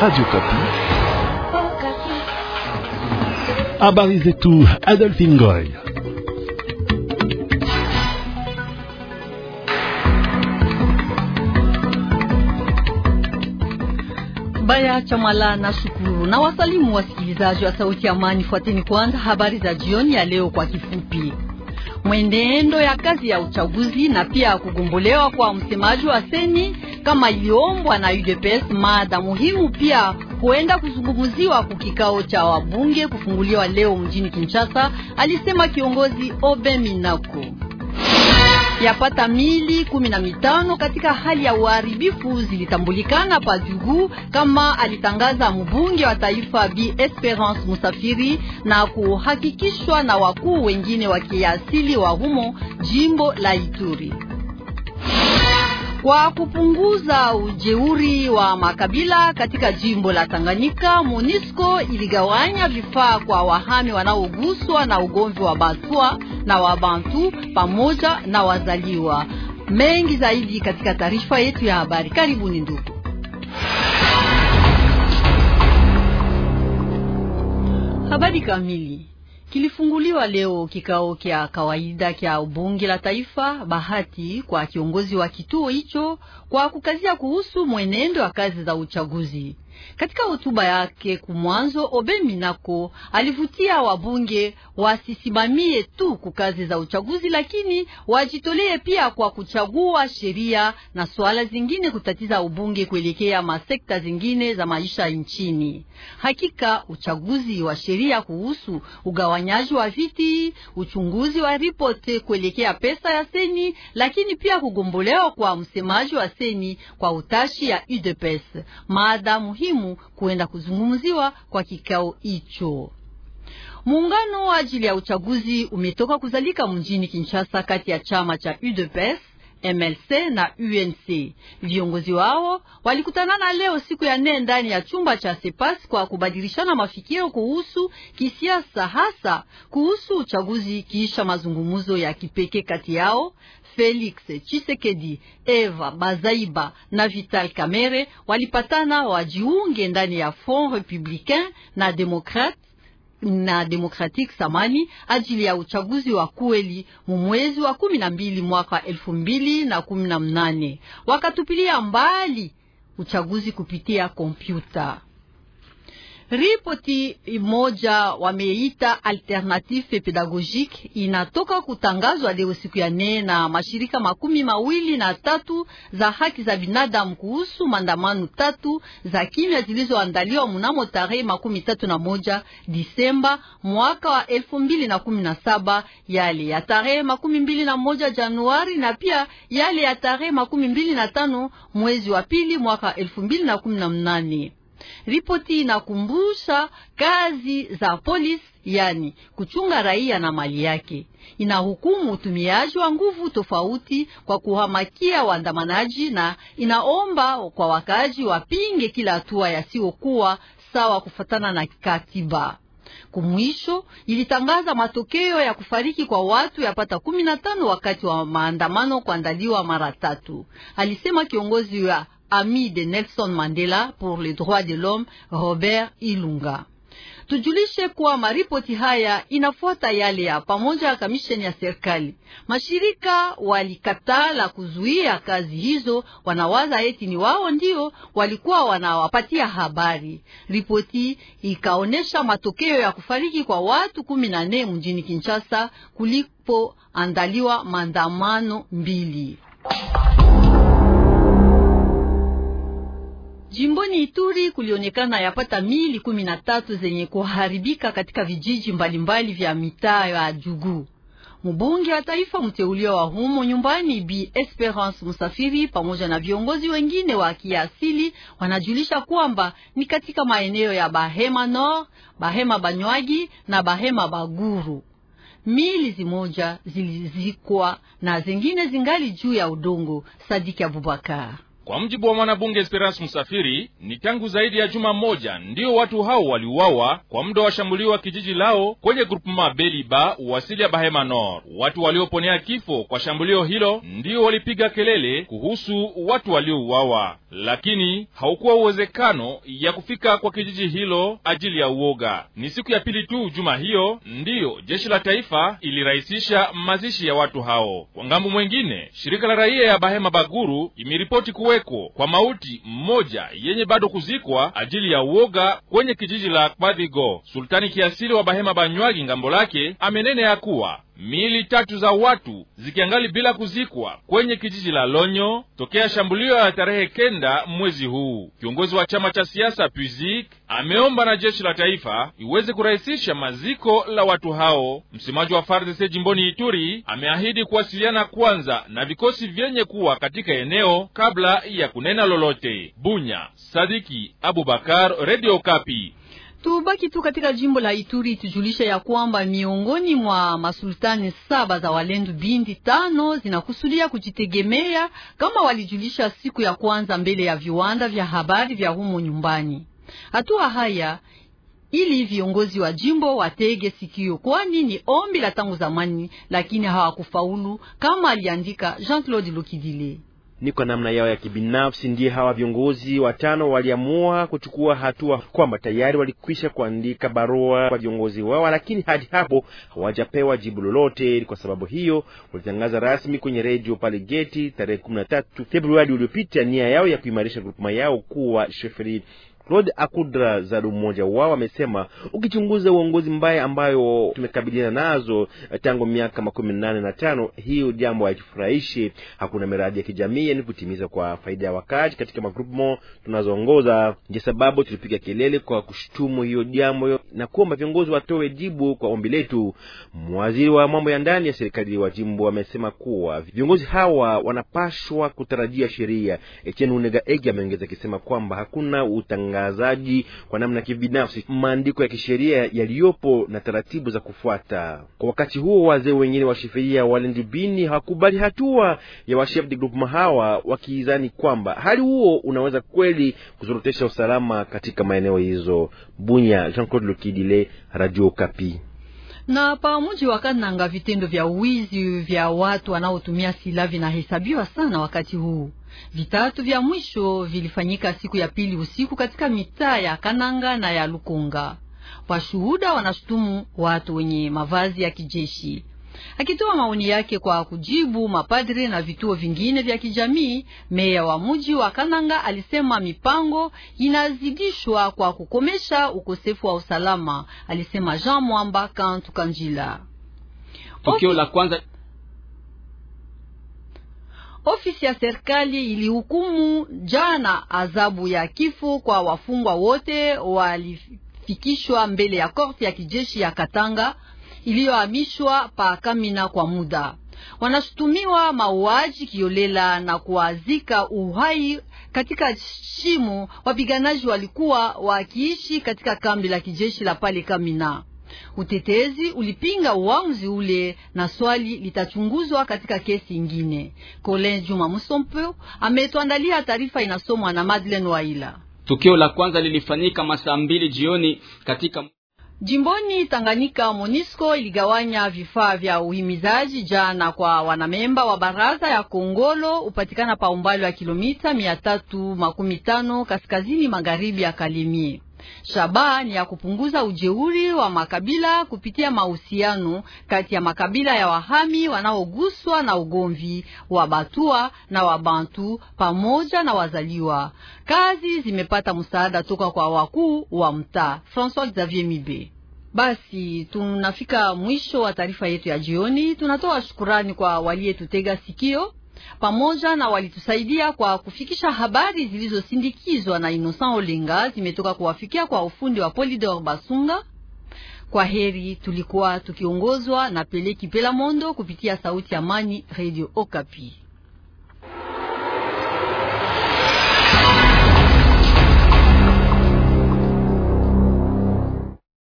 Radio Kapi. Habari zetu Adolphe Ngoy. Baya Chamala na shukuru na wasalimu wasikilizaji wa Sauti ya Amani. Fuateni kwanza habari za jioni ya leo kwa kifupi mwenendo ya kazi ya uchaguzi na pia kugumbulewa kwa msemaji wa seni kama iliombwa na UDPS. Mada muhimu pia huenda kuzungumziwa kikao cha wabunge kufunguliwa leo mjini Kinshasa, alisema kiongozi Obe Minaku yapata mili kumi na mitano katika hali ya uharibifu zilitambulikana pa Jugu, kama alitangaza mbunge wa taifa Bi Esperance Musafiri, na kuhakikishwa na wakuu wengine wa kiasili wa humo jimbo la Ituri. Kwa kupunguza ujeuri wa makabila katika jimbo la Tanganyika, Monisco iligawanya vifaa kwa wahami wanaoguswa na ugomvi wa Batwa na Wabantu pamoja na wazaliwa. Mengi zaidi katika taarifa yetu ya habari. Karibuni ndugu. Habari kamili kilifunguliwa leo kikao kya kawaida kya bunge la taifa, bahati kwa kiongozi wa kituo hicho kwa kukazia kuhusu mwenendo wa kazi za uchaguzi. Katika hotuba yake kumwanzo, Obe nako alivutia wabunge wasisimamie tu kukazi za uchaguzi, lakini wajitolee pia kwa kuchagua sheria na swala zingine kutatiza ubunge kuelekea masekta zingine za maisha nchini. Hakika uchaguzi wa sheria kuhusu ugawanyaji wa viti, uchunguzi wa ripoti kuelekea pesa ya seni, lakini pia kugombolewa kwa msemaji wa seni kwa utashi ya UDPS maadamu muhimu kuenda kuzungumziwa kwa kikao hicho. Muungano wa ajili ya uchaguzi umetoka kuzalika mjini Kinshasa kati ya chama cha UDPS MLC na UNC. Viongozi wao walikutanana leo siku ya nne ndani ya chumba cha Sepas kwa kubadilishana mafikiro kuhusu kisiasa, hasa kuhusu uchaguzi, kiisha mazungumzo ya kipekee kati yao. Felix chisekedi Eva Bazaiba na Vital Kamerhe walipatana wajiunge ndani ya Front republicain na Demokrate na Democratic samani ajili ya uchaguzi wa kweli mumwezi wa kumi na mbili mwaka elfu mbili na kumi na mnane wakatupilia mbali uchaguzi kupitia kompyuta. Ripoti moja wameita alternative pedagogique inatoka kutangazwa leo siku ya nne na mashirika makumi mawili na tatu za haki za binadamu kuhusu maandamano tatu za kimya zilizoandaliwa mnamo tarehe makumi tatu na moja Disemba mwaka wa elfu mbili na kumi na saba yale ya tarehe makumi mbili na moja Januari na pia yale ya tarehe makumi mbili na tano mwezi wa pili mwaka elfu mbili na kumi na nane. Ripoti inakumbusha kazi za polisi, yani kuchunga raia na mali yake. Inahukumu utumiaji wa nguvu tofauti kwa kuhamakia waandamanaji, na inaomba kwa wakaji wapinge kila hatua yasiyokuwa sawa kufatana na katiba. Kumwisho ilitangaza matokeo ya kufariki kwa watu yapata kumi na tano wakati wa maandamano kuandaliwa mara tatu, alisema kiongozi wa ami de Nelson Mandela pour les droits de l'homme Robert Ilunga. Tujulishe kuwa maripoti haya inafuata yale ya pamoja ya kamisheni ya serikali. Mashirika walikatala kuzuia kazi hizo, wanawaza eti ni wao ndio walikuwa wanawapatia habari. Ripoti ikaonyesha matokeo ya kufariki kwa watu kumi na nne mjini Kinshasa kulipoandaliwa maandamano mbili. Ituri kulionekana yapata mili kumi na tatu zenye kuharibika katika vijiji mbalimbali vya mitaa ya Jugu. Mbunge wa taifa mteuliwa wa humo nyumbani Bi Esperance Musafiri pamoja na viongozi wengine wa kiasili wanajulisha kwamba ni katika maeneo ya Bahema Nord, Bahema Banywagi na Bahema Baguru mili zimoja zilizikwa na zingine zingali juu ya udongo. Sadiki Abubakar kwa mjibu wa mwanabunge Esperance Msafiri, ni tangu zaidi ya juma moja ndio watu hao waliuawa kwa muda wa shambulio wa kijiji lao kwenye grupema Beliba uwasili ya Bahema Nor. Watu walioponea kifo kwa shambulio hilo ndio walipiga kelele kuhusu watu waliouawa lakini haukuwa uwezekano ya kufika kwa kijiji hilo ajili ya uoga. Ni siku ya pili tu juma hiyo ndiyo jeshi la taifa ilirahisisha mazishi ya watu hao. Kwa ngambo mwengine, shirika la raia ya Bahema Baguru imeripoti kuweko kwa mauti mmoja yenye bado kuzikwa ajili ya uoga kwenye kijiji la Kwadhigo. Sultani Kiasili wa Bahema Banywagi ngambo lake amenene ya kuwa miili tatu za watu zikiangali bila kuzikwa kwenye kijiji la Lonyo tokea shambulio ya tarehe kenda mwezi huu. Kiongozi wa chama cha siasa Puzik ameomba na jeshi la taifa iweze kurahisisha maziko la watu hao. Msemaji wa FARDC jimboni Ituri ameahidi kuwasiliana kwanza na vikosi vyenye kuwa katika eneo kabla ya kunena lolote. Bunya, Sadiki Abubakar, Radio Kapi. Tubaki tu katika jimbo la Ituri tujulisha ya kwamba miongoni mwa masultani saba za Walendu bindi tano zinakusudia kujitegemea kama walijulisha siku ya kwanza mbele ya viwanda vya habari vya humo nyumbani. Hatua haya ili viongozi wa jimbo watege sikio, kwani ni ombi la tangu zamani, lakini hawakufaulu kama aliandika Jean-Claude lokidile ni kwa namna yao ya kibinafsi. Ndiye hawa viongozi watano waliamua kuchukua hatua kwamba tayari walikwisha kuandika barua kwa viongozi wao, lakini hadi hapo hawajapewa jibu lolote. Kwa sababu hiyo walitangaza rasmi kwenye redio pale Geti tarehe kumi na tatu Februari uliopita nia yao ya kuimarisha grupuma yao kuwa shefri Claude Akudra Zalu, mmoja wao, amesema ukichunguza uongozi mbaya ambayo tumekabiliana nazo eh, tangu miaka makumi nane na tano, hiyo jambo haifurahishi. Hakuna miradi ya kijamii yani kutimiza kwa faida ya wakati katika magrupumo tunazoongoza. Ndio sababu tulipiga kelele kwa kushutumu hiyo jambo na kuomba viongozi watoe jibu kwa ombi letu. Mwaziri wa mambo ya ndani ya serikali wa jimbo amesema kuwa viongozi hawa wanapashwa kutarajia sheria. Etienne Unega Egi ameongeza akisema kwamba hakuna utanga utangazaji kwa namna kibinafsi maandiko ya kisheria yaliyopo na taratibu za kufuata. Kwa wakati huo, wazee wengine wa sheria walendibini hawakubali hatua ya chef de groupement hawa, wakiizani kwamba hali huo unaweza kweli kuzorotesha usalama katika maeneo hizo. Bunya, Jean Claude Lokidile, Radio Kapi na pamuji wa Kananga vitendo vya uwizi vya watu wanaotumia silaha vinahesabiwa sana wakati huu. Vitatu vya mwisho vilifanyika siku ya pili usiku katika mitaa ya Kananga na ya lukunga Washuhuda wanashutumu watu wenye mavazi ya kijeshi. Akitoa maoni yake kwa kujibu mapadri na vituo vingine vya kijamii, meya wa mji wa Kananga alisema mipango inazidishwa kwa kukomesha ukosefu wa usalama, alisema Jean Mwamba Kantu Kanjila. Tukio la kwanza Ofisi ya serikali ilihukumu jana adhabu ya kifo kwa wafungwa wote walifikishwa mbele ya korti ya kijeshi ya Katanga iliyohamishwa pa Kamina kwa muda. Wanashutumiwa mauaji kiolela na kuazika uhai katika shimo wapiganaji walikuwa wakiishi katika kambi la kijeshi la pale Kamina. Utetezi ulipinga uamuzi ule na swali litachunguzwa katika kesi ingine. Colin Juma Musompo ametuandalia taarifa inasomwa na Madeleine Waila. Tukio la kwanza lilifanyika masaa mbili jioni katika Jimboni Tanganyika, Monisco iligawanya vifaa vya uhimizaji jana kwa wanamemba wa baraza ya Kongolo upatikana pa umbali wa kilomita mia tatu makumi tano kaskazini magharibi ya Kalemie. Shabaha ni ya kupunguza ujeuri wa makabila kupitia mahusiano kati ya makabila ya wahami wanaoguswa na ugomvi wa Batua na Wabantu pamoja na wazaliwa. Kazi zimepata msaada toka kwa wakuu wa mtaa. François Xavier Mibe. Basi tunafika mwisho wa taarifa yetu ya jioni. Tunatoa shukurani kwa waliyetutega sikio pamoja na walitusaidia kwa kufikisha habari zilizosindikizwa na Innocent olinga zimetoka kuwafikia kwa ufundi wa Polidor Basunga. Kwa heri, tulikuwa tukiongozwa na Peleki Pela Mondo kupitia Sauti ya Amani, Radio Okapi.